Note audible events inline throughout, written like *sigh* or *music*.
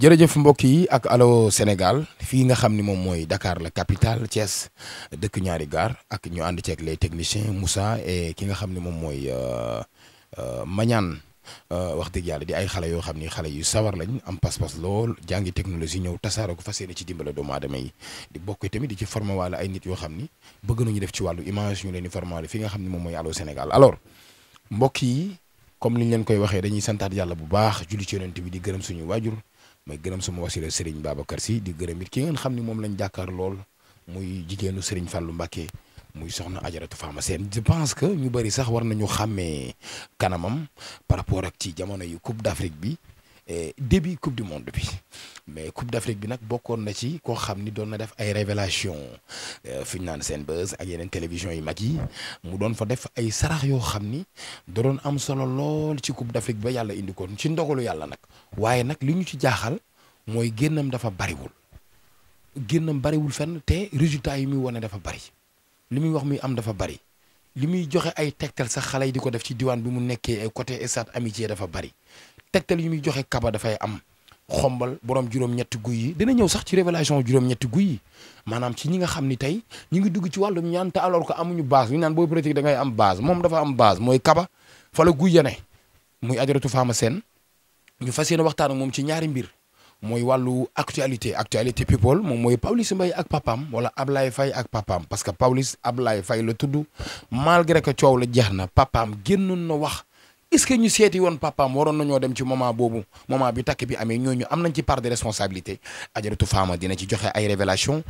jërëjëf mbokk yi ak allo Sénégal fii nga xam ni moom mooy Dakar la capitale Thiès dëkk ñaari gaar ak ñu ànd ceeg les techniciens Moussa et ki nga xam ni moom mooy euh, euh, Mañaan euh, wax dëgg yàlla di ay xale yoo xam ni xale yu sawar lañ am pas-pas lool jàngi technologie ñëw tasaare ko fas yéene ci dimbale doomu adama yi di bokk tamit di ci former walla ay nit yoo xam ni bëgg nañu def ci wàllu image ñu leen di former fi nga xam ni moom mooy allo Sénégal alors mbokk yi comme liñ leen koy waxee dañuy santaat yàlla bu baax julli ci yonent bi di gërëm suñu waajur may gërëm suma wasila Serigne Babacar si di gërëm it ki ngeen xam ni moom lañ jàkkaar lool muy jigéenu Serigne Fallou Mbacké muy soxna ajaratu Fama Sène je pense que ñu bëri sax war nañu xàmmee kanamam par rapport ak ci jamono yu Coupe d'Afrique bi début Coupe du monde bi mais Coupe d'Afrique bi nag bokkoon na ci koo xam ni doon na def ay révélation euh, fi ñu naan seen buzz ak yeneen télévision yu mag yi mu doon fa def ay sarax yoo xam ni da doon am solo lool ci Coupe d'Afrique ba yàlla indi ko ci ndogalu yàlla nag waaye nag li ñu ci jaaxal mooy génnam dafa bariwul génnam bariwul fenn te résultat yi muy wane dafa bari li muy wax muy am dafa bari li muy joxe ay tegtal sax xale yi di ko def ci diwaan bi mu nekkee côté stade amitié dafa bari tegtal yi muy joxe kaba dafay am xombal borom juróom-ñetti guy yi dina ñëw sax ci révélation juróom-ñetti guy yi maanaam ci ñi nga xam ni tey ñu ngi dugg ci wàllum ñaan te alors que amuñu base ñu ñaan booy politique da am base moom dafa am base mooy kaba fa la guy ya ne muy ajaratu faama seen ñu fas yéene waxtaan moom ci ñaari mbir mooy wàllu actualité actualité people moom mooy Pawlish mbay ak papaam wala lay fay ak papaam parce que Pawlish Ablaye fay la tudd malgré que coow la jeex na papaam génnoon na wax est-ce que ñu seeti woon papaam waroon nañoo dem ci moment boobu moment bi takk bi amee ñooñu am nañ ci part de responsabilité ajaratu faama dina ci joxe ay révélation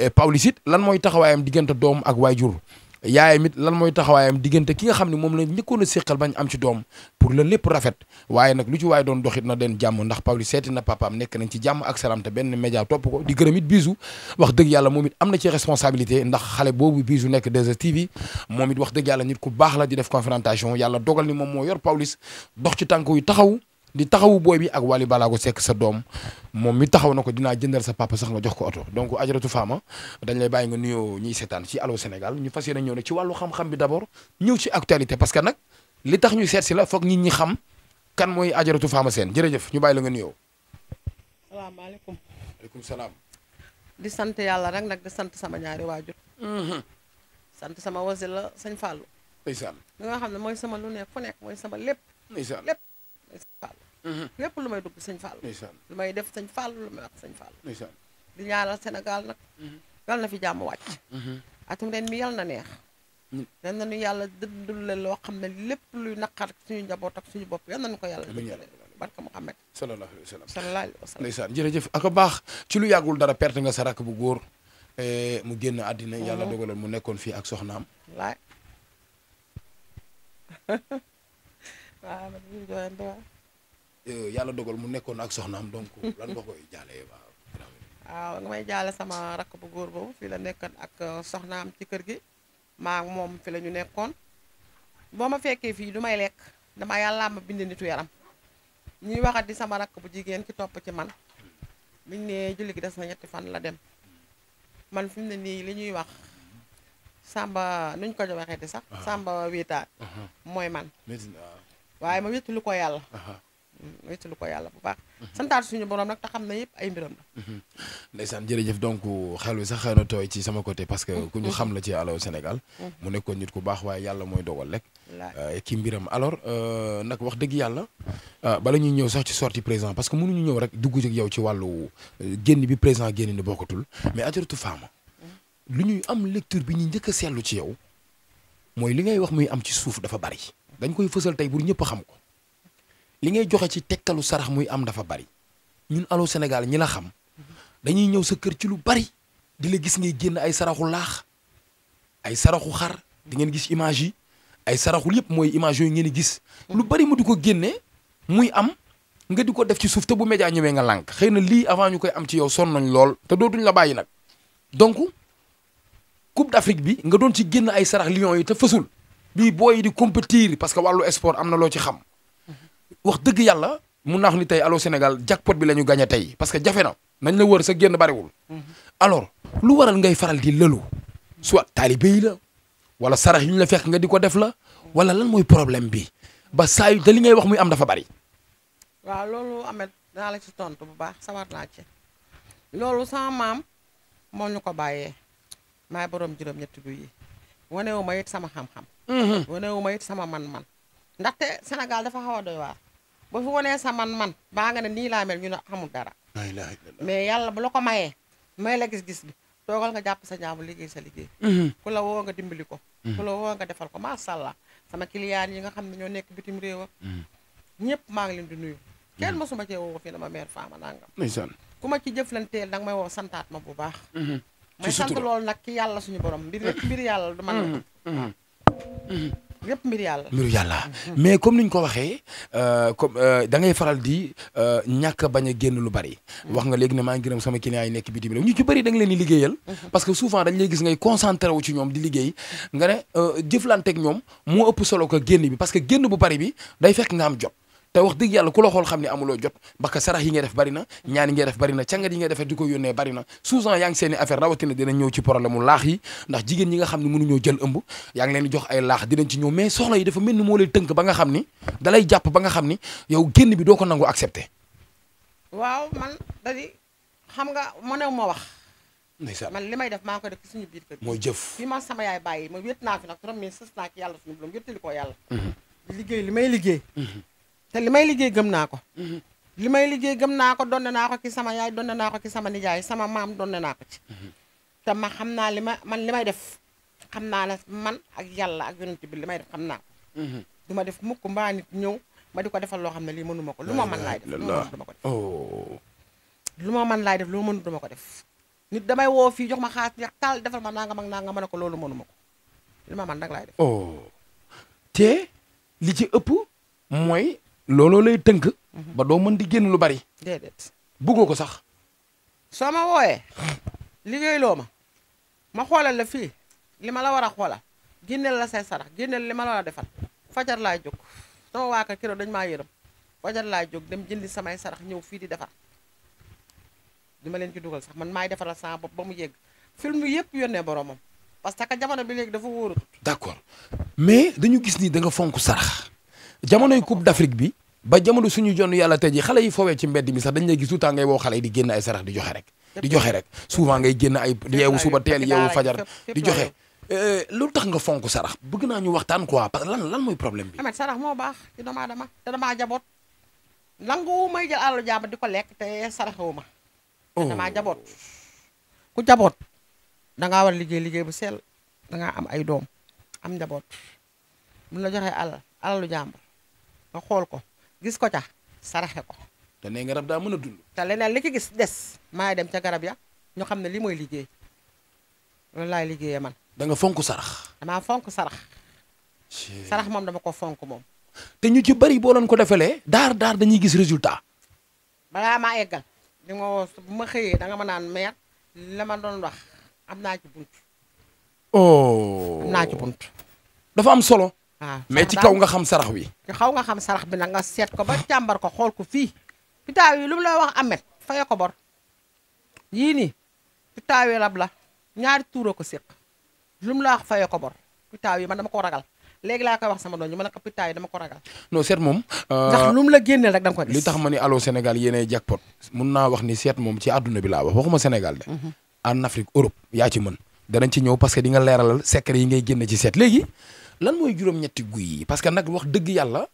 euh, Pawlish it lan mooy taxawaayam diggante doom ak waajur yaayam it lan mooy taxawaayam diggante ki nga xam ne moom la ko a séqal bañ am ci doom pour la lépp rafet waaye nag lu ci waaye doon doxit na den jàmm ndax Pawlish seeti na papaam nekk nañ ci jàmm ak salaam te benn média topp ko di gërëm it wax dëgg yàlla moom it am na ci responsabilité ndax xale boobu biisu nekk 2STV moom it wax dëgg yàlla nit ku baax la di def confrontation yàlla dogal ni moom moo yor Pawlish dox ci tànk yu taxaw di taxawu booy bi ak Wally Ballago Seck sa doom moom mi taxaw na ko dinaa jëndal sa papa sax nga jox ko oto donc ajaratu faama dañ lay bàyyi nga nuyoo ñiy seetaan ci Allô Sénégal ñu fas yéene ñëw nag ci wàllu xam-xam bi d'abord ñëw ci actualité parce que nag li tax ñu seet si la foog nit ñi xam kan mooy ajaratu faama seen jërëjëf ñu bàyyi la nga nuyoo. salaamaaleykum. aleykum salaam. di sant yàlla rek nag di sant sama ñaari waajur. Mhm. sant sama wasila sëñ Fallou. ndeysaan li nga xam ne mooy sama lu nekk nekk mooy sama lépp. ndeysaan lépp. Fall lépp lu may dugg sëñ Fall lu may def sañ Fall lu may wax sëñ Fall di ñaanal Sénégal nag mm-hmm. yal na fi jàmm wàcc mm-hmm. atum ren mi yal na neex mm. yal na nu yàlla dëddul leen loo xam ne lépp luy naqar suñu njaboot ak suñu bopp yal na nu ko yàlla barka Muhammad sallallahu alayhi wa sallam sallallahu alayhi wa sallam ndeysaan jërëjëf ak baax ci lu yàggul dara pert nga sa rakk bu góor e, mu génn àddina mm-hmm. yàlla dogaloon mu nekkoon fii ak soxnaam *laughs* waaw eh, yàlla dogal mu nekkoon ak soxnaam donc. lan nga koy jaalee waaw. nga may jaale sama rakk bu góor boobu fii la nekkoon ak eh, soxnaam ci kër gi maa moom fi la ñu nekkoon boo ma fekkee fii du may lekk dama yàlla ma bind nitu yaram ñuy waxat di sama rakk bu jigéen ci topp ci man biñ ne julli gi des na ñetti fan la dem man fi ne nii li ñuy wax. sàmba nuñ ko waxeeti sax. Ah. samba wiitaat. Uh-huh. mooy man. waaye ma wéttalu ko yàlla ma mm, wéttalu ko yàlla bu baax mhm. santaat suñu borom nag te xam na yëpp ay mbiram la mhm. ndeysaan jërëjëf donc xel wi sax xëy na tooy ci sama côté parce que mhm. ku ñu xam la ci Allô Sénégal mu nekkoon nit ku baax waaye yàlla mooy dogal rek euh, ki mbiram alors euh, nag wax dëgg yàlla euh, bala ñuy ñëw sax ci sorti présent parce que mënuñu ñëw rek dugg ci yow ci wàllu génn bi présent génn ni bokkatul mais ajaratu faama lu ñuy am lecture bi ñu njëkk a seetlu ci yow mooy li ngay wax muy am ci suuf dafa bari dañ koy fësal tey pour ñëpp xam ko li ngay joxe ci tekkalu sarax muy am dafa bari ñun aloo Sénégal ñi la xam dañuy ñëw sa kër ci lu bari di la gis ngay génn ay saraxu laax ay saraxu xar di ngeen gis image yi ay saraxul yëpp mooy image yooyu ngeen di gis. lu bari mu di ko génne muy am nga di ko def ci suuf te bu média ñëwee nga lànk. xëy na lii avant ñu koy am ci yow sonn nañ lool te dootuñ la bàyyi nag donc Coupe d'Afrique bi nga doon ci génn ay sarax Lions te fësul. bii booy di compétir parce que wàllu sport am na loo ci xam wax dëgg yàlla mun naa wax ni tey Allô Sénégal jackpot bi la ñu gañe tey parce que jafe na nañ la wër sa génn bariwul mhm. alors lu waral ngay faral di lëlu soit taalibe yi la wala sarax yi ñu la fekk nga di ko def la wala lan mooy problème bi ba saa yu te li ngay wax muy am dafa bari waa loolu Ameth dinaa la ci tontu bu baax sawar naa ci loolu sama maam moo ñu ko bàyyee maay borom juróom-ñetti du ma it sama xam wane mm-hmm. wu ma it sama man-man ndaxte Sénégal dafa xaw a doy waar ba fi wanee sa man-man baa nga ne nii laa mel ñu ne xamul dara mais yàlla bu la ko mayee may la gis-gis bi toogal nga jàpp sa jaamu liggéey sa liggéey mm-hmm. ku la woo nga dimbali ko mm-hmm. ku la woo nga defal ko macha allah sama client yi nga xam ne ñoo nekk bitim réew ñëpp maa ngi leen di nuyu kenn mosuma cee woo fii dama mère faama nangam ndeysaan ku ma ci jëflanteel danga may woo santaat ma bu baax sant loolu nag ki yàlla suñu borom mbir *coughs* mbir yàlla du man Mm-hmm. yëpp mbir yàlla. Mm-hmm. mais comme ni ñu ko waxee euh, comme euh, da ngay faral di euh, ñàkk bañ a génn lu bari. Mm-hmm. wax nga léegi ne maa ngi gërëm sama client yi nekk bitim réew ñu ci bëri da nga leen di liggéeyal. parce que souvent dañ lay gis ngay concentré wu ci ñoom di liggéey nga ne jëflanteeg ñoom moo ëpp solo ko génn bi parce que génn bu bari bi day fekk nga am jot. te wax dëgg yàlla ku la xool xam ne amuloo jot baka sarax yi ngay def bari na ñaan yi ngay def bari na cangat yi ngay defar di ko yónnee bari na souvent yaa ngi seen i affaire rawatina dinañ ñëw ci problème mu laax yi ndax jigéen ñi nga xam ne mënuñoo jël ëmb yaa ngi leen di jox ay laax dinañ ci ñëw mais soxla yi dafa mel ni moo lay tënk ba nga xam ni dalay jàpp ba nga xam ni yow génn bi doo ko nangu accepté waaw man dadi xam nga mënew ma wax ndeysaan man li may def maa ngi koy def ci suñu mooy jëf fi ma sama yaay bàyyi ma wét naa fi nag trop mais sës naa ci yàlla suñu borom mhm. li may liggéey mhm. te li may liggéey gam naa ko. Mhm. li may liggéey gam naa ko donn naa ko ci sama yaay donn naa ko ki sama nijaay sama maam donn naa ko ci. Mhm. te ma xam naa li ma man li may def xam naa ne man ak yàlla ak bi li may def xam naa ko. Mhm. du ma def mukk mbaa nit ñëw ma di ko defal loo xam ne lii mënuma ko lu ma mën laay def lu ma mën duma ko def. Oh. ma mën laay def lu mën duma ko def. nit damay woo fii jox ma xaas yax taal defal ma nangam ak nangam ma ne ko loolu mënuma ko li ma mën nag laay def. Oh. te li ci ëpp mooy. looloo lay tënk. Mhm. ba doo mën di génn lu bari. déedéet buggoo ko sax. soo ma wooyee liggéey loo ma ma xoolal la fii li ma la war a xoolal génneel la say sarax génneel li ma la war a defal fajar laa jóg sama waa kër keroog dañ maa yërëm fajar laa jóg dem jëndi samay sarax ñëw fii di defar ma leen ci dugal sax man maay defaral sama bopp ba mu yegg film yëpp yónnee boromam parce que jamono bi léegi dafa wóorut. d'accord mais dañu gis nii danga fonk sarax. jamonoy coupe d'Afrique bi ba jamono suñu jonn yàlla tey ji xale yi foowee ci mbedd mi sax dañ lay gis tout temps ngay woo xale yi génn ay sarax di joxe rek di joxe rek souvent ngay génn ay yeewu suba teel yeewu fajar di joxe loolu eh, tax nga fonk sarax bëgg naa ñu waxtaan quoi lan lan mooy problème bi amet sarax moo baax ci doomu aadama te damaa jaboot nangu may jël àllu jaam di ko lekk te saraxewu ma oh. damaa jaboot ku jaboot dangaa war liggéey liggéey bu sell dangaa am ay doom am njaboot mun la joxe àll alalu jàmbur nga xool ko gis ko ca saraxe ko. te nee nga rab daa mën a dund. te leneen li ci gis des maay dem ca garab ya ñu xam ne li mooy liggéey loolu laay liggéeyee man. danga fonk sarax. damaa fonk sarax. sarax moom dama ko fonk moom. te ñu ci bari boo leen ko defalee. daar daar dañuy gis résultat. balaa maa eggal di nga ma xëyee da nga ma naan meer la ma doon wax am naa ci bunt. Oh. am naa ci dafa am solo. waaw ah, mais ci kaw nga xam sarax wi ci kaw nga xam sarax bi nag nga seet ko ba càmbar ko xool ko fii pitaaw yi lu mu la wax amet faye ko bor yii nii pitaaw yi rab la ñaari tuura ko séq lu mu la wax faye ko bor pitaaw yi man dama ko ragal léegi laa koy wax sama doon ñu ma ne ko pitaaw yi dama ko ragal non seet moom euh, ndax lu mu la génneel rek da nga ko gis li tax ma ni Allô Sénégal yéenay jackpot mun naa wax ni seet moom ci àdduna bi laa wax waxuma Sénégal de mhm. en Afrique Europe yaa ci mën danañ ci ñëw parce que di nga leeralal secret yi ngay génne ci seet léegi lan mooy juróom-ñetti guy yi parce que nag wax dëgg yàlla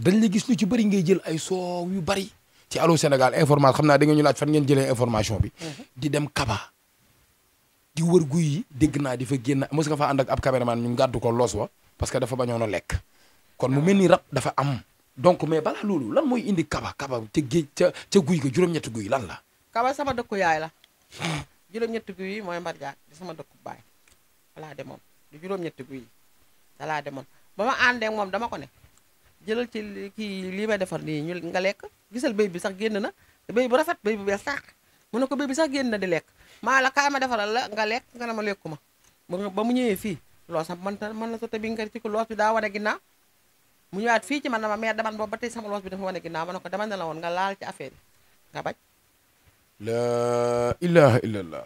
dañ la gis lu ci bëri ngay jël ay soow yu bëri ci Allô Sénégal information xam naa da nga ñu laaj fan ngeen jëlee information bi. Mhm. di dem Kaba. di wër guy yi dégg naa di fa génn mos nga fa ànd ak ab caméraman ñu gàddu ko loos wa parce que dafa bañoon a lekk. kon mu mel ni rab dafa am. donc mais balaa loolu lan mooy indi Kaba Kaba ca géej ca guy ga juróom-ñetti guy lan la. Kaba sama dëkku yaay la. juróom sama dëkku baay. voilà de moom di juróom-ñetti guy dalaa demoon ba ma àndee moom dama ko ne jëlal ci kii lii ma defar nii ñu nga lekk gisal béy bi sax génn na béy bu rafet béy bu bees sax mu ne ko béy bi sax génn na di lekk maa la kaay ma defaral la nga lekk nga ne ma lekku ma ba mu ñëwee fii loos sax man man la sotta bi nga ci ko loos bi daa wane ginnaaw mu ñëwaat fii ci man dama meer daman boobu ba tey sama loos bi dafa wane ginnaaw ma ne ko dama ne la woon nga laal ci affaire nga bañ la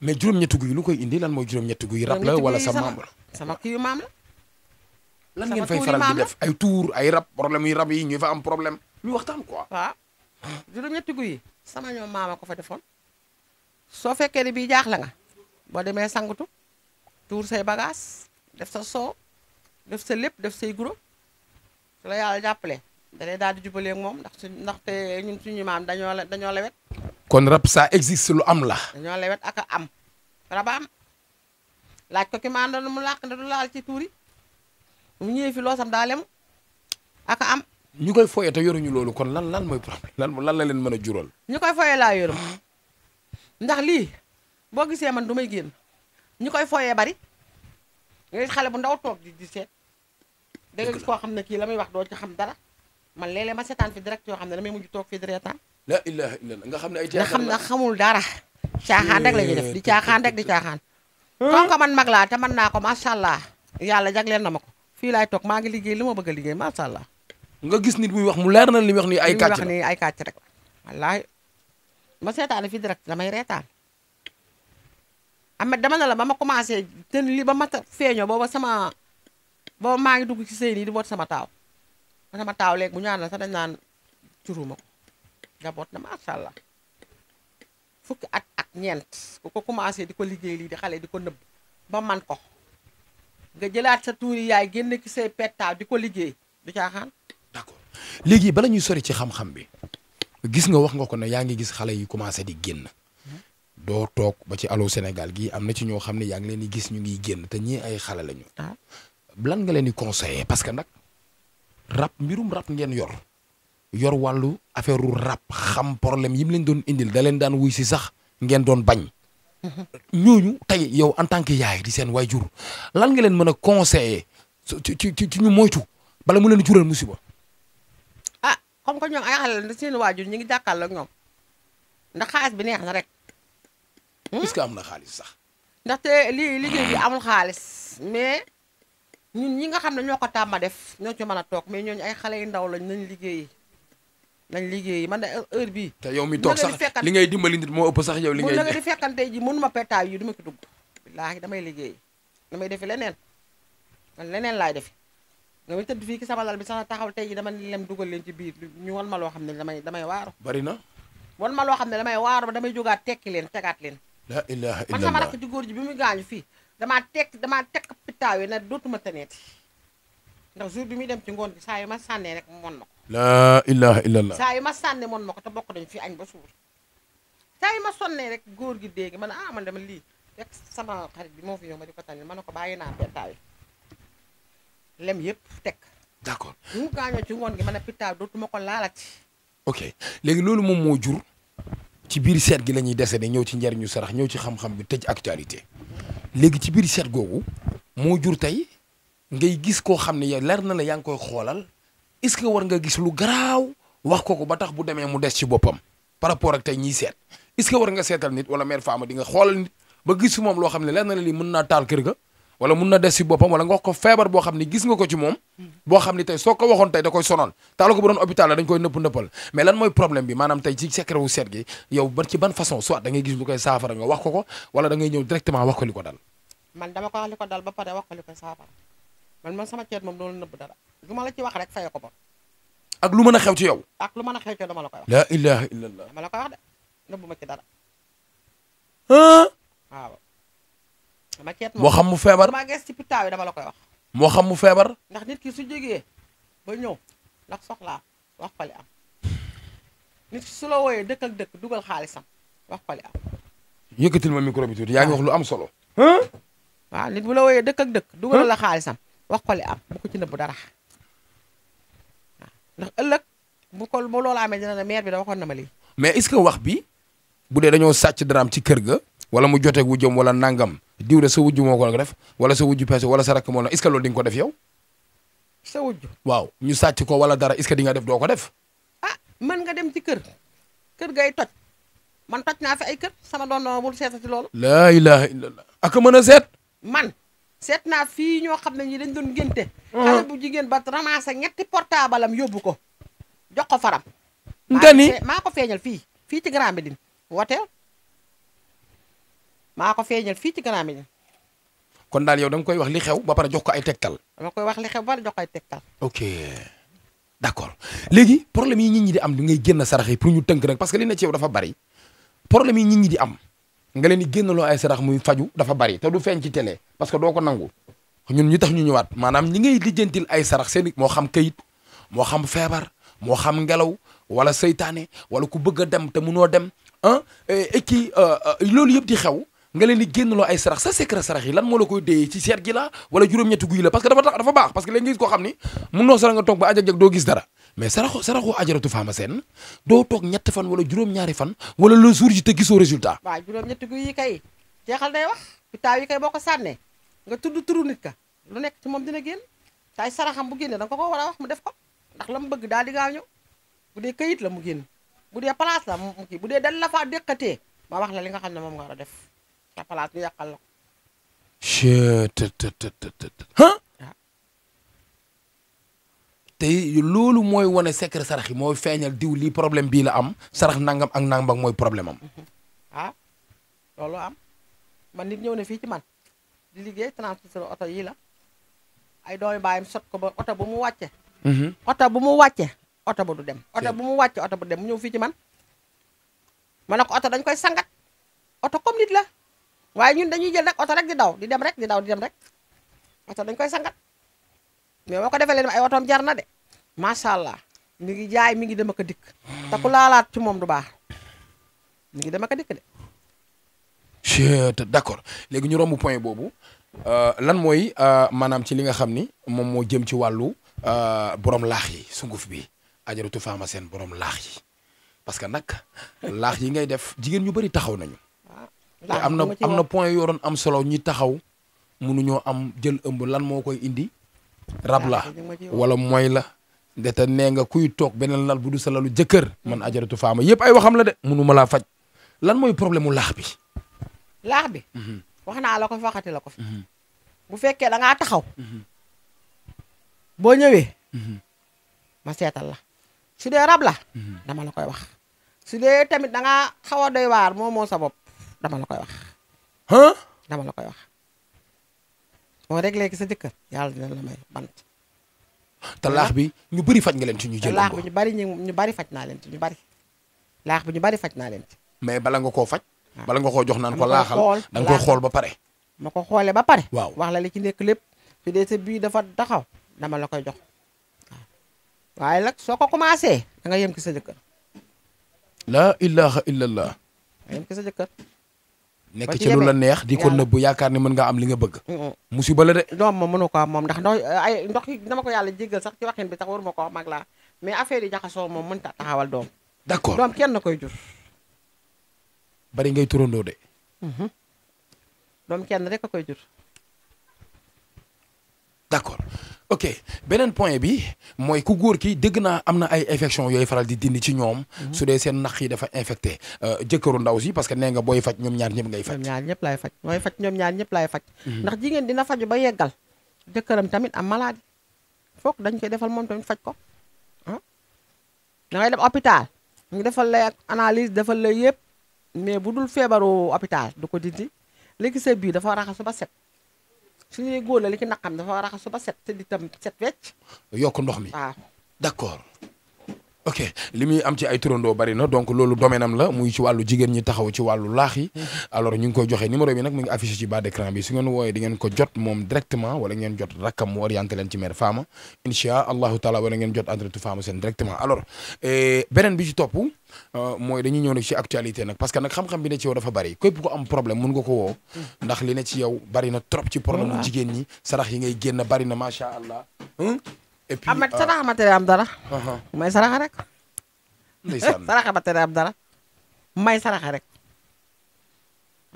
mais juróom-ñetti guy lu koy indi lan mooy juróom-ñetti guy rab la wala sa membre sama kii maam la lan ngeen fay faral di def ay tuur ay rab problème yu rab yi ñu fa am problème ñu waxtaan quoi waaw juróom-ñetti guy yi sama ñoom maama ko fa defoon soo fekkee ne bi jaaxle nga boo demee sangutu tuur say bagage def sa soow def sa lépp def say guro su la yàlla jàppalee danay daal di jubalee moom ndax su ndaxte ñun suñu maam dañoo la dañoo lewet kon rab ça existe lu am la dañoo lewet ak a am rab am laaj ko ki ma mu làq ne du laal ci tuuri mu ñëwee fi loosam daa lemu ak am ñu koy foyee te yoruñu loolu kon lan lan mooy problème lan lan la leen mën a juróol ñu koy foyee laa yoru ndax lii boo gisee man du may génn ñu koy foyee bari nga xale bu ndaw toog di di seet da gis koo xam ne kii la muy wax doo ci xam dara man léeg ma seetaan fi direct yoo xam ne damay mujj toog fii di reetaan ah. la ilaha illallah nga xam ne ay nga xam ne xamul dara caaxaan rek la ñuy def di caaxaan rek di caaxaan kon man mag laa te mën naa ko macha allah yàlla jagleel na ma ko fii laa toog maa ngi liggéey li ma bëgg a liggéey macha allah nga gis nit muy wax mu leer na li muy wax nii ay kàcc la ni ay kàcc rek wallaahi ma seetaane fii direct damay reetaan Ahmed dama la la ba ma commencé te li ba ma feeñoo booba sama booba maa ngi dugg ci sëy di boot sama man sama taaw léegi bu ñaan la dañ naan juruma ko jaboot na macha allah fukki at ak ñeent ku ko commencé di ko liggéey lii di xale di ko nëbb ba man ko nga jëlaat sa tuuri yaay génn ki say pettaaw ko liggéey du caaxaan. d'accord léegi bala ñuy sori ci xam-xam bi gis nga wax nga ko ne yaa ngi gis xale yi commencé di génn. doo toog ba ci Allô Sénégal gi am na ci ñoo xam ne yaa ngi leen di gis ñu ngi génn te ñi ay xale lañu. Ah. lan nga leen di conseiller parce que nag. rap mbirum rap ngeen yor yor wàllu affaire u rap xam problème yi mu leen doon indil da leen daan wuy si sax ngeen doon bañ. *laughs* ñooñu tey yow en tant que yaay di seen waajur lan nga leen mën a conseiller ci ci ci ñu moytu bala mu leen jural musiba. ah comme que ñoom ay xale la seen waajur ñu ngi jàkkaarloog ñoom ndax xaalis bi neex na rek. est-ce que hmm? am na xaalis sax. ndaxte lii liggéey bi amul xaalis ñun ñi nga xam ne ñoo ko ma def ñoo ci mën a toog mais ñooñ ay xale yu ndaw lañ nañ liggéeyi nañ liggéeyi man de heure bii. te yow mi toog sax li ngay dimbali nit moo ëpp sax yow. li ngay def di fekkante ji mënuma pétaay yi du ma ci dugg. wallaahi damay liggéey damay defi leneen man leneen laay defi damay tëdd fii ki sama lal bi sax taxaw tey ji dama lem dugal leen ci biir ñu wan ma loo xam ne damay damay waaru. bari na. wan ma loo xam ne damay waaro ba damay jógaat tekki leen tegaat leen. la ilaha illallah sama rakk ci ji bi muy gaañu fii damaa tek damaa tekk pitaaw yi nag dootuma tëneeti ndax jour bi muy dem ci ngoon gi saa yu ma sànnee rek mon ma ko. laa ilaha illallah. saa yu ma sànnee mon ma ko te bokk dañ fi añ ba suur saa yu ma sonnee rek góor gi dégg ma a ah man dama lii rek sama xarit bi moo fi ñëw ma di ko tànn ko bàyyi naa pitaaw yi lem yëpp teg. d'accord mu gaañoo ci gi ma ne pitaaw dootuma ko laalati. ok léegi loolu moom moo jur. ci biir seet gi la ñuy dese ne ñëw ci njariñu sarax ñëw ci xam-xam bi tëj actualité. léegi ci biir seet googu moo jur tey ngay gis koo xam ne yow leer na la yaa nga koy xoolal est-ce que war nga gis lu garaaw wax ko ko ba tax bu demee mu des ci boppam par rapport ak tey ñiy seet est-ce que war nga seetal nit wala mère femme di nga xoolal nit ba gis moom loo xam ne leer na la lii mën naa taal kër ga wala mun na des si boppam wala nga wax ko feebar boo xam ni gis nga ko ci moom boo xam ni tey soo ko waxoon tey da koy sonal taala ko bu doon hôpital la dañ koy nëpp nëppal ko ko wala da ngay ñëw directement wax ko li ko man dama ko wax li ko dal ba pare wax ko li koy saafara man man sama ceet moom loolu nëbb dara lu la ci wax rek faye ko ba ak lu mën a xew ci yow ak lu mën a xew ci yow la koy wax la ilaha illallah dama la koy moo xam mu feebar ma ci pitaaw yi la koy wax. moo xam mu feebar. ndax nit kii su jegee ba ñëw ndax soxlaa wax ko am nit ki dëkk ak dëkk dugal wax ko li am. yëkkatil ma micro yaa ngi wax lu am solo. waaw nit bu la wooyee dëkk ak dëkk. dugal la xaalisam wax ko li am bu ko ci nëbbu dara waaw ndax ëllëg bu ko bu loola amee dina ne maire bi da waxoon na ma lii. mais est-ce que wax bi bu dee dañoo sàcc daraam ci kër ga. wala mu joteeg wu jëm wala nangam. diw de sa wujju moo ko def wala sa wujju peese wala sa rakk moo la est ce que ko def yow. sa wujju waaw ñu sàcc ko wala dara est ce di nga def doo ko def. a ah, mën nga dem ci kër kër gay toj man toj naa fi ay kër sama doon na bul seeta ci loolu. laa ilaaha illallah mën a seet. man seet naa fii ñoo xam ne ñi dañ doon génte uh-huh. xale bu jigéen ba ramassé ñetti portable am yóbbu ko jox ko faram. nga ni maa ko feeñal fii fii ci Grand Médine wooteel. maa ko feeñal fii ci Grand Médine kon daal yow da nga koy wax li xew ba pare jox ko ay tegtal. dama koy wax li xew ba pare jox ay tegtal. ok d'accord léegi problème yi nit ñi di am di ngay génn sarax yi pour ñu tënk rek parce que li ne ci yow dafa bari problème yi nit ñi di am nga leen di génnaloo ay sarax muy faju dafa bari te du feeñ ci télé parce que doo ko nangu ñun ñu tax ñu ñëwaat maanaam ñi ngay lijjantil ay sarax seen moo xam kayit moo xam feebar moo xam ngelaw wala seytaane wala ku bëgg a dem te mënoo dem ah et euh, euh, loolu yëpp di xew. nga leen di génnloo ay sarax sa secret sarax yi lan moo la koy déyee ci seet gi la wala juróom-ñetti guy la parce dafa baax parce que gis koo xam ni mun noo sarax nga toog ba ajak-jak doo gis dara mais saraxu saraxu ajaratu faama seen doo toog ñett fan wala juróom-ñaari fan wala le jour ji te gisoo résultat waaw juróom-ñetti guy yi kay jeexal ko sànnee nga tudd turu nit ka lu nekk ci moom dina génn tay saraxam bu génnee da nga ko ko war a wax mu def ko ndax la mu bëgg daal di gaaw ñëw bu dee kayit la mu génn bu dee place la kii bu dee dal la faa déqatee ma wax la li nga xam ne moom nga war a def sa place ñu yàqal la ah. te loolu mooy wane secret sarax yi mooy feeñal diw lii problème bii la am sarax nangam ak nangam mooy problème am. Mm-hmm. ah loolu am man nit ñëw ne fii ci man di liggéey transmission oto yii la ay doomi baayam sot ko ba oto bu mu wàcce. Mm-hmm. oto bu mu wàcce oto bu du dem. oto bu mu wàcce oto bu dem mu ñëw fii ci man. ma ne ko oto dañ koy sangat oto comme nit la. waaye ñun dañuy jël nag oto rek di daw di dem rek di daw di dem rek oto dañ koy sangat mais boo ko defee leen ay otoom jar na de macha allah mi ngi jaay mi ngi dem ak dikk te laalaat ci moom du baax mi ngi dem ak a dikk de. d' accord léegi ñu romb point boobu euh, lan mooy euh, maanaam ci li nga xam ni moom moo jëm ci wàllu euh, borom laax yi sunguf bi ajaratu faama seen borom laax yi parce que nag laax yi ngay def jigéen ñu bëri taxaw nañu. te am na am na point yoo doon am solo ñi taxaw ñoo am jël ëmb lan moo koy indi rab la ah, wala mooy la ndeta nee nga kuy toog beneen lal bu du sa lalu jëkkër man ajaratu faama yëpp ay waxam la de mënuma malaa faj lan mooy problème mu laax bi laax bi mhm. wax naa la ko fi waxati la ko fi mhm. bu fekkee da ngaa taxaw mhm. boo ñëwee ma seetal la su dee rab la dama la koy wax su dee tamit danga ngaa xaw a doy waar moo moo sa bopp dama la koy wax. ah. dama la koy wax boo réglé ki sa jëkkër yàlla dina la may bant. te laax bi ñu bari faj nga leen ci ñu jël. laax ñu bëri ñu bëri faj naa leen ñu bëri. laax bi ñu bari faj naa leen ci. mais bala nga koo faj. Ah. bala nga koo jox naan ko laaxal da nga koy xool ba pare. ma ko xoolee ba pare. waaw wax la li ci nekk lépp. su dee sa bii dafa daxaw dama la koy jox waaw. waaye nag soo ko commencé danga nga yem ki sa jëkkër. la ilaha illallah. nga yem ki sa jëkkër. nekk ci lu la neex di ko nëbb yaakaar ne mën nga am li nga bëgg musiba la de doom moom mënu ko am moom ndax ndox ay ndox dama ko yàlla jéggal sax ci waxin bi sax waruma ko wax mag laa mais affaire yi jaxasoo moom mënta taxawal doom d'accord doom kenn koy jur bari ngay turandoo de mm-hmm. doom kenn rek a koy jur d'accord ok beneen point bi mooy ku góor ki dëgg naa am na ay infection yooyu faral di dindi ci ñoom. Mhm. su dee seen naq yi dafa infecté euh, jëkkëru ndaw si parce que nee nga booy faj ñoom ñaar ñëpp ngay faj. ñoom ñaar ñëpp lay faj mooy faj ñoom ñaar ñëpp lay faj. Mhm. ndax jigéen dina faju ba yeggal jëkkëram tamit am maladie foog dañ koy defal moom tamit faj ko ah. def ngay dem hôpital ñu defal lay analyse defal lay yëpp mais bu dul feebaru hôpital du ko dindi léegi sa biir dafa raxasu ba set. suñuy góor la li ki naqam dafa raxasu ba set te di tam set wecc yokk ndox mi waaw d'accord ok li muy am ci ay turandoo bari na donc loolu domaine am la muy ci wàllu jigéen ñi taxaw ci wàllu laax mhm. alors ñu koy joxe numéro bi nag mu ngi affiché ci bas d'écran bi su ngeen wooyee di ko jot moom directement wala ngeen jot rakkam mu orienté leen ci mère Fama incha allahu taala wala ngeen jot entretien Fama seen directement alors eh, beneen bi ci topp euh, mooy dañuy ñëw nag ci actualité nag parce que nag xam-xam bi ne ci yow dafa bari képp mhm. yi ngay na macha allah et puis Amath saraxa tere am dara. may saraxa rek. ndeysaan *laughs* saraxa ma tere am dara. may saraxa rek.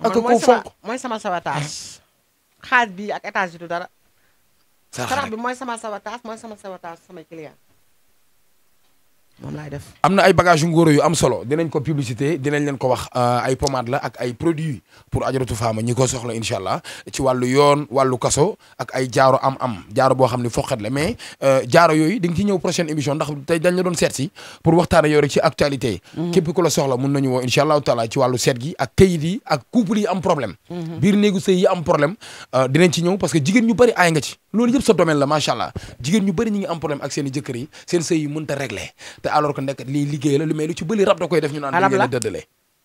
ak ko fonk mooy sama sawatage. xaaj bi ak étage du dara. saraxa bi mooy sama sawatage mooy sama sawatage samay client moom laay def am na ay bagages yu ngóoro am solo dinañ ko publicité dinañ leen ko wax euh, ay pommade la ak ay produit pour ajaratu faama ñi ko soxla incha allah ci wàllu yoon wàllu kaso ak ay jaaro am-am jaaro boo xam ni foqet la mais euh, jaaro yooyu di nga ci ñëw prochaine émission ndax tey dañ doon seet si pour waxtaan yow rek ci actualité mhm. képp ku la soxla ci wàllu seet gi ak kayit yi ak am problème mhm. biir euh, dinañ ci ñëw parce que jigéen ñu bëri aay nga ci loolu yëpp sa domaine la macha allah jigéen ñu bëri ñi ngi am problème ak seen i jëkkër yi seen sëy yi mënta régler alors que nekk lii liggéey la lu mel lu ci bëri rab da def ñu naan da ngeen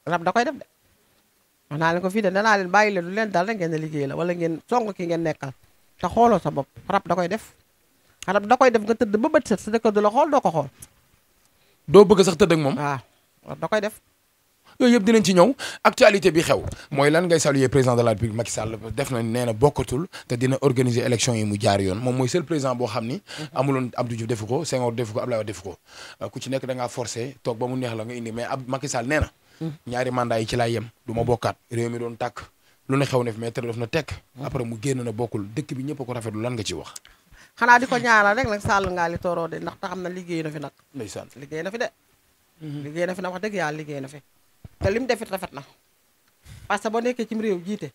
a rab da koy def de wax naa leen ko fii de danaa leen bàyyi leen lu leen dal rek ngeen a liggéey la wala ngeen song ki ngeen nekkal te xooloo sa bopp rab da koy def rab da koy def nga tëdd ba bët set sa dëkk du la xool doo ko xool doo bëgg sax tëdd ak moom waaw rab da koy def yooyu yëpp dinañ ci ñëw actualité bi xew mooy lan ngay saluer président de la République Macky Sall def na nee na bokkatul te dina organiser élection yi mu jaar yoon moom mooy seul président boo xam ni amuloon Abdou Diouf defu ko euh, ku ci nekk da ngaa forcé toog ba mu neex la nga indi mais ab Macky Sall nee na ñaari mandat yi ci yem du ma bokkaat réew mi doon tàkk lu ne xew na fi mais tere def na tekk après mu génn na bokkul dëkk bi ñëpp a ko lan nga ci wax xanaa di ko ñaanal rek nag Sall ngaa li tooroo de ndax ta xam na liggéey na fi nag ndeysaan liggéey na fi de mhm. liggéey na fi nag wax dëgg yàlla liggéey na fi te mu defit rafet na parce que boo nekkee cim réew jiite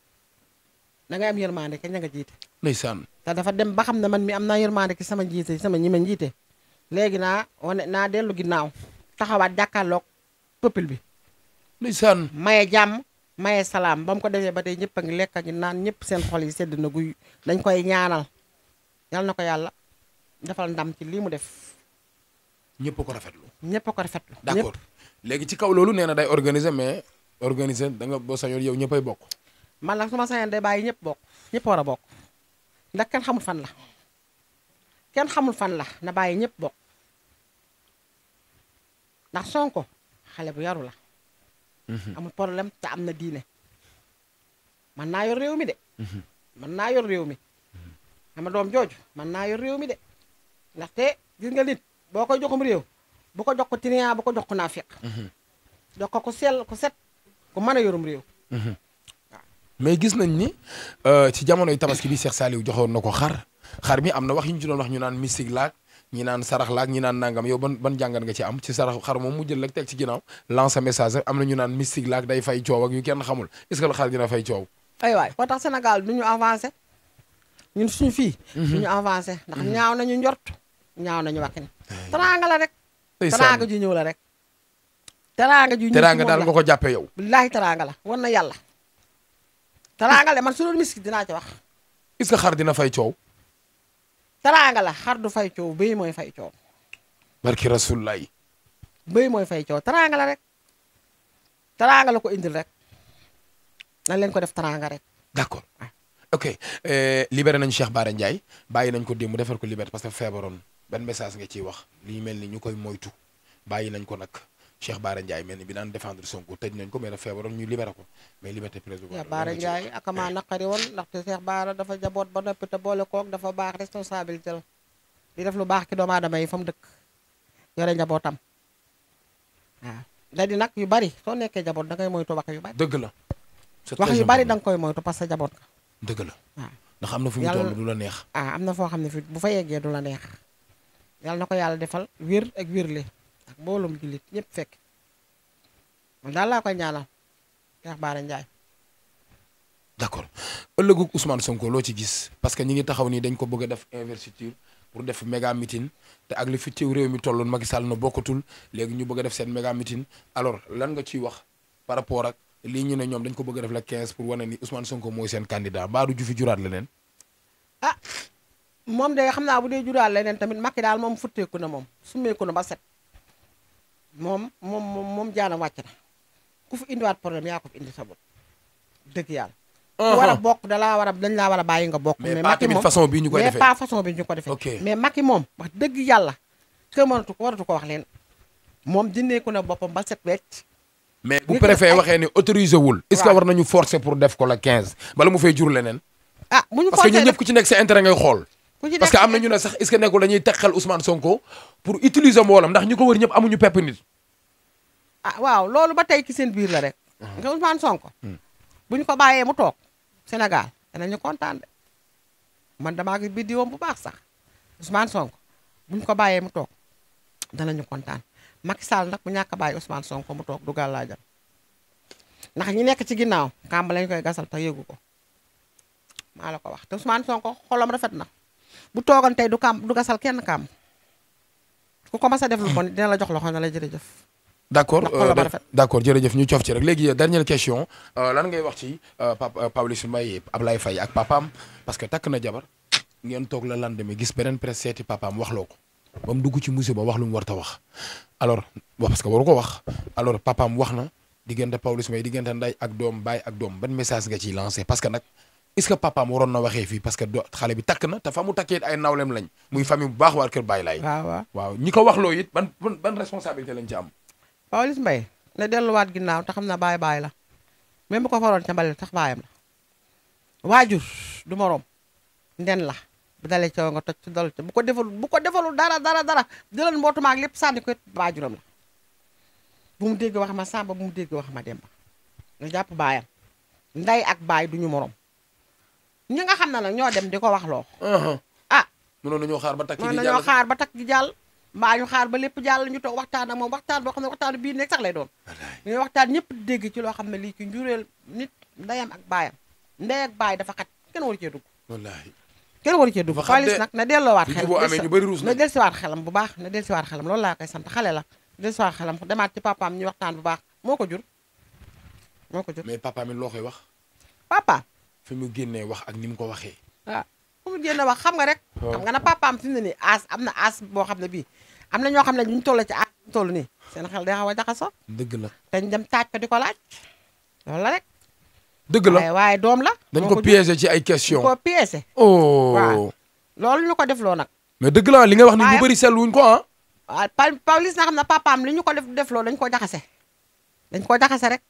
da ngay am yërmande kañ la nga jiite. ndeysaan. te dafa dem ba xam ne man mi am naa yërmande ki sama jiite sama ñi ma jiite léegi naa wane naa dellu ginnaaw taxawaat jàkkaarloog peuple bi. ndeysaan maye jàmm maye salaam ba mu ko defee ba tey ñëpp a ngi lekk ngi naan ñëpp seen xol yi sedd na guy dañ koy ñaanal ñal na ko yàlla defal ndam ci lii mu def. ñëpp ko rafetlu. ñëpp a ko rafetlu. d'accord léegi ci kaw loolu nee na day organiser mais organiser da nga boo sañoon yow ñëppay bokk. man nag su ma sañoon day bàyyi ñëpp bokk ñëpp war a bokk ndax kenn xamul fan la kenn xamul fan la na bàyyi ñëpp bokk ndax Sonko xale bu yaru la. Mhm. amul problème te am na diine. man naa yor réew mi de. Mhm. man naa yor réew mi. Mhm. ama doom jooju man naa yor réew mi de. ndaxte gis nga nit boo ko joxum réew bu ko jox ko tiniyaa bu ko jox ko naafiq mhm. jox ko ku sell ku set ku mën a yorum réew mhm. mais gis nañ ni euh, ci jamonoy tabaski bi Cheikh Saliou joxoon na ko xar xar mi am na wax yi ñu ci doon wax ñu naan mystique laag ñi naan sarax laak ñi naan nangam yow ba ban jàngat nga ci am ci sarax xar moom mu jël rek teg ci ginnaaw lancer message am na ñu naan mystique laag day fay coow ak yu kenn xamul est-ce que lu xar dina fay coow ay waay moo tax Sénégal du ñu avancé ñun suñu fii mhm. du ñu avancé ñaaw nañu njort ñaaw nañu teraanga ju ñëw la rek taraanga ju ñëw daal nga ko jàppee yow billaahi teraanga la war na yàlla teraanga la man su doon miski dinaa ci wax est-ce xar dina fay coow taraanga la xar du fay mooy fay coow barki rasulullaay béy mooy fay coow la rek teraanga la ko indil rek na leen ko def teraanga rek d'accord ok euh, libéré nañ Cheikh Bara Ndiaye bàyyi nañ ko démb defar ko libéré parce feebaroon ban message nga ciy wax li ñu mel ni ñu koy moytu bàyyi nañ ko nag Cheikh Bara Ndiaye mel ni bi naan défendre Sonko tëj nañ ko mais dafa feebaroon ñu libéré ko mais liberté provisoire Bara Ndiaye ak ma naqari woon ndaxte Cheikh Bara dafa jaboot ba noppi te boole koog dafa baax responsabilité la di def lu baax ki doomu aadama yi fa mu dëkk yore njabootam waaw nag yu bari soo nekkee jaboot da ngay moytu wax yu bari. dëgg la wax yu bari da nga koy moytu parce que jaboot nga. dëgg la waaw ndax am na fu mu toll du la neex. ah am na foo xam ne fi bu fa yeggee du la neex. yàlla na ko yàlla defal wér ak wérle ak mbooloom jullit ñëpp fekk moom daal laa koy ñaanal Cheikh Bara Ndiaye. d'accord ëllëgu Ousmane Sonko loo ci gis parce que ñi ngi taxaw nii dañ ko bëgg a def investiture pour def méga te ak li fi ci réew mi tolloon Macky Sall na bokkatul léegi ñu bëgg def seen méga meeting alors lan nga ciy wax par rapport ak lii ñu ne ñoom dañ ko bëgg def la quinze pour wane ni usman Sonko mooy seen candidat baadu ju fi juraat leneen neen ah, moom de xam naa bu dee juraal leneen tamit Macky daal moom futteeku na moom summeeku na ba set moom moom moom jaana wàcc na ku fu indiwaat problème yaa ko fi indi sa bopp dëgg yàlla. ku uh-huh. war da laa war a dañ laa war bàyyi nga bokk. mais façon bi ñu koy defee façon bi ñu ko defee. mais Macky moom wax dëgg yàlla ke ko waratu ko wax leen moom dindeeku na boppam ba set wecc. mais bu préfet waxee ni autorisé wul. est-ce a war nañu forcer pour def ko la 15 bala mu fay jur leneen. ah bu ñu forcer parce que ñun ñëpp ku ci nekk sa intérêt ngay xool. parce que am na ñu ne sax est-ce que nekkul dañuy Sonko pour utiliser mboolam ndax ñu ko wër ñëpp amuñu pepp nit. ah waaw loolu ba tey ci seen biir la rek. nga Ousmane Sonko. Hmm. bu ñu ko bàyyee mu toog dana danañu kontaan de man damaa bu baax sax Ousmane Sonko bu ko bàyyee mu toog danañu kontaan Macky Sall nag bu ñàkk a bàyyi Ousmane Sonko mu toog du gàllaajam ndax ñi nekk ci ginnaaw kàmb lañ koy gasal te yëgu ko maa la ko wax te Ousmane Sonko xolam rafet na. bu toogoon tey du kaam du gasal kenn kaam ku commencé def lu bon dina la jox loxo na la jërëjëf. d' accord d' euh, accord jërëjëf ñu coof ci rek léegi euh, dernière question euh, lan ngay wax ci Pape Pawlish Mbaye Ablaye Faye ak papaam parce que takk na jabar ngeen toog la lendemain gis beneen presse seeti papaam waxloo ko ba mu dugg ci musiba wax lu mu war ta wax alors parce que waru ko wax alors papam wax na diggante Pawlish Mbaye diggante nday ak doom baay ak doom ban message nga ci lancé parce que nag. est-ce que papaam waroon na waxee fii parce que xale bi takk na te fa mu takkee ay nawleem lañ muy famille bu baax waa kër Baye Laye. waaw waaw ñi ko wax loo it ban ban responsabilité lañ ci am. Pawlish Mbaye ne delluwaat ginnaaw te xam na baay baay la même bu ko faroon ca mbale sax baayam waajur du morom nden la bu dalee caw nga toj ci dal bu ko defalul bu ko defalul dara dara dara jëlal mbootu maag lépp sànni ko it waajuram la bu mu dégg wax ma Samba bu mu dégg wax ma Demba nga jàpp baayam nday ak baay du ñu morom. ñi nga xam na nag ñoo dem di ko wax loo uh-huh. ah mënoon nañoo xaar ba takk mënoon nañoo xaar ba takk gi jàll mbaa ñu xaar ba lépp jàll ñu toog waxtaan ak moom waxtaan boo xam ne bii nekk sax lay doon ñu waxtaan ñëpp dégg ci loo xam ne lii ci njureel nit ak baayam ndey ak baay dafa xat kenn waru cee dugg wallaahi kenn waru cee dugg xaalis nag na delloowaat xel na del siwaat xelam bu baax na del siwaat xelam loolu laa koy sant xale la del siwaat xelam demaat ci papaam ñu waxtaan bu baax moo ko jur moo ko jur mais papa mi loo koy wax papa fi mu génnee wax ak ni mu ko waxee. waaw fu wax xam nga rek. xam nga na papaam fi mu ne nii aas am na aas boo xam ne bii am na ñoo xam ne ñu toll ci aas tol toll nii seen xel day xaw a jaxasoo. dëgg la dañ dem taaj ko di laaj loolu la rek. dëgg la waaye doom la. dañ ko piégé ci ay questions ko piégé. oh loolu ñu ko def loo nag. mais dëgg la li nga wax ni bu bëri selluñ ko ah. waaw Pawlish na xam ne papaam li ñu ko def defloo dañ ko jaxase dañ ko jaxase rek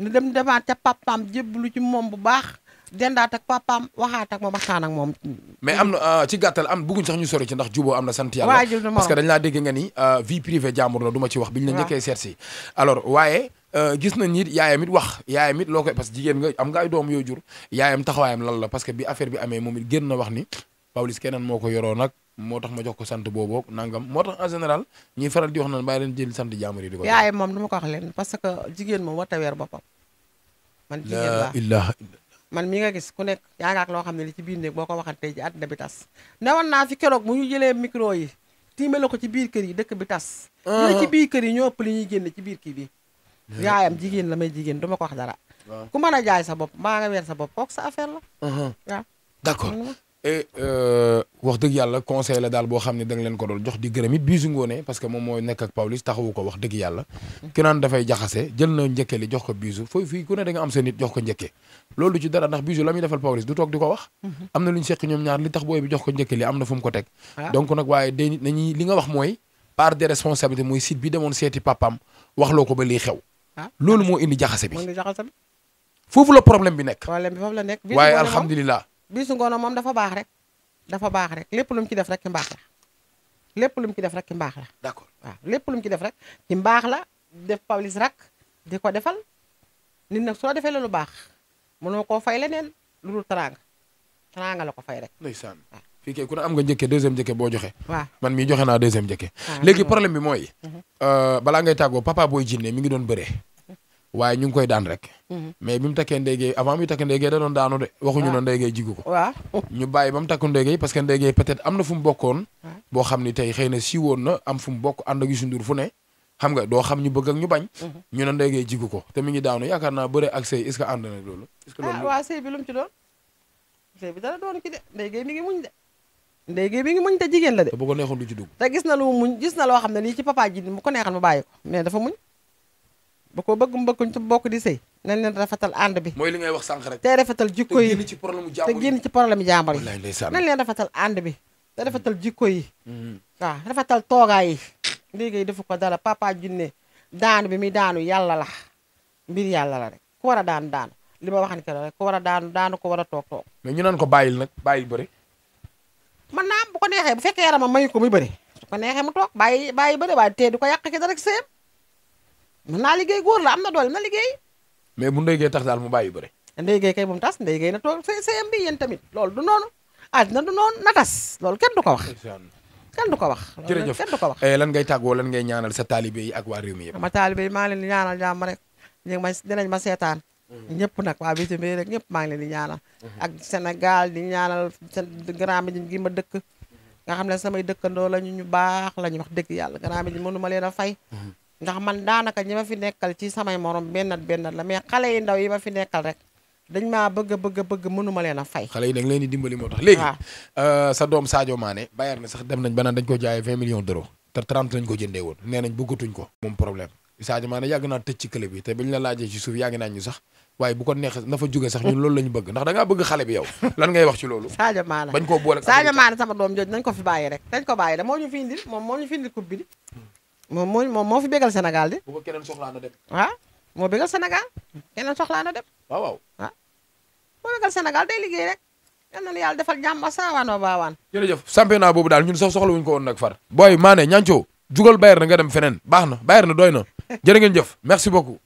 ñu dem demaat ca papaam jébbalu ci moom bu baax dendaat ak papaam waxaat ak moom waxtaan ak moom. mais am na euh, ci gàttal am bëgguñ sax ñu sori ci ndax juboo am na sant yàlla. parce que dañ laa dégg nga ni euh, vie privée jàmbur la du ma ci wax. biñ la njëkkee seet si alors waaye. Euh, gis nañ nit yaayam wax yaayam it loo koy parce que am nga ay doom yoo jur yaayam taxawaayam lan la parce bi affaire bi amee moom it génn na wax ni Pawlish keneen moo ko yoroo nag moo tax ma jox ko sant booboo nangam moo tax en général ñuy faral di wax naan bàyyi leen jël sant jaamur yi di ko. man mi nga gis ku nekk yaakaar loo xam ne li ci biir néeg boo ko waxantee ji àddina bitas tas newoon naa fi keroog mu ñu jëlee micro yi tiimale ko ci biir kër yi dëkk bi tas ah. ñu kër yi ñoo ëpp li ñuy génn ci biir kii bi yaayam jigéen la may jigéen du ko wax dara ku mën a jaay sa bopp mbaa nga weer sa bopp kooku sa affaire la waaw et euh, wax dëgg yàlla conseil la daal boo xam ne da nga leen ko doon jox di gërëm it biisu ngoone parce que moom mooy nekk ak Pawlish taxawu ko wax dëgg yàlla ki naan dafay jaxase jël na njëkke li jox ko biisu fooy fii ku ne da nga am sa nit jox loolu ci dara ndax biisu mhm. bi jox ko njëkke li am na fu mu ko teg ah. waaye day li ah. foofu la problème bi nekk waaye alhamdulilah biisu ngoonoo moom dafa baax rek dafa baax rek lépp lu mu ci def rek ci mbaax la lépp lu mu ci def rek ci mbaax la. d'accord waaw lépp lu ci def rek ci mbaax la def Pawlish rak di ko defal nit nag soo defee la lu baax mënoo koo fay leneen lu dul taraanga taraanga la ko fay rek. ndeysaan waaw fii kay ku ne am nga jëkke deuxième njëkke boo joxe. waa man mi joxe naa deuxième njëkke. Ah, léegi problème bi mooy. Mhm. Euh, balaa ngay tàggoo papa booy jinne mi ngi doon bëree. waaye ñu ngi koy daan rek. Mhm. mais bi mu takkee ndéygéey avant muy takk ndéygéey da doon daanu de. waxuñu ne ndéygéey jigu ko. waaw ñu bàyyi ba mu takku ndéygéey parce que ndéygéey peut-être am na fu mu bokkoon. boo xam ni tey xëy na si woon na am fu bokk ànd ak Youssou xam nga doo xam ñu bëgg ak ñu bañ. Mhm. ñu ne ko te mi ngi daanu yaakaar naa bëre ak sëy na ah, lu mu mi ngi muñ de. ndéygéey mi gis na lu muñ gis na loo xam ne lii ci papa ji mu ko mu bàyyi ko mais muñ ba ko bëgg mbëgguñ te bokk di sëy nañ leen rafetal ànd bi mooy li ngay wax sànq rek te rafetal jikko yi te génn ci problème jàmbur yi nañ leen rafetal ànd bi te rafetal jikko yi mm-hmm. waaw rafetal toogaay yi léegi defu ko dara papa junne daanu bi muy daanu yàlla la mbir yàlla la rek ku war a daanu daanu li ma wax ni que rek ku war a daanu daanu ku war a toog toog ñu naan ko bàyyil nag bàyyil bëri man naam bu ko neexee bu fekkee yaramam mayu ko muy bëri su ko neexee mu toog bàyyi bàyyi ba waaye tee du ko yàq ki dara rek mën naa liggéey góor la am na doole na liggéey mais bu ndeygee tax daal mu bàyyi bëre ndeygee kay bu mu tas ndeygee na toog tamit loolu du noonu àddina ah, du noonu na tas loolu kenn du ko wax kenn du ko wax jërëjëf kenn du ko wax eh, lan ngay tàggoo lan ñaanal sa taalibe yi ak waa réew mi yëpp ma taalibe yi maa leen di ñaanal jàmm rek ñu ma seetaan mhm. ñëpp nag waa bitim réew rek ñëpp maa ngi di ñaanal mhm. ak Sénégal di ñaanal seen grand bi gi ma dëkk nga xam ne samay dëkkandoo lañu ñu baax lañu wax dëgg yàlla grand bi mënu ma leen a fay mhm. ndax man daanaka ñi ma fi nekkal ci samay morom bennat bennat la mais xale yi ndaw yi ma fi nekkal rek dañ maa bëgg bëgg bëgg mënuma leen a fay. xale yi da nga leen moo tax. léegi euh, sa doom Sadio Mané Bayern ne sax dem nañ ba naan dañ ko jaayee 20 millions d'euros te 30 lañ ko jëndee woon nee moom problème Sadio Mané yàgg naa tëj ci club bi yàgg naa ñu sax waaye bu ko neexee na fa jóge sax ñun loolu la ñu bëgg ndax da bëgg xale bi yow *laughs* lan ngay wax ci loolu. Sadio Mané bañ koo boole Sadio Mané sama doom jooju nañ ko fi bàyyi rek dañ ko bàyyi rek moo ñu fi indil moom moo ñu fi indil coupe bi moom moo moom moo fi bégal Sénégal de. bu ko keneen soxlaa na dem. ah moo bégal Sénégal keneen soxlaa na dem. waaw waaw ah moo bégal Sénégal day liggéey rek. yal na yàlla defal jàmm saawaan oo baawaan. jërëjëf championnat boobu daal ñun sax soxla wuñ ko woon nag far. booy maane Niancho jugal Bayern na nga dem feneen baax na Bayern na doy na *laughs* jërë ngeen jëf merci beaucoup.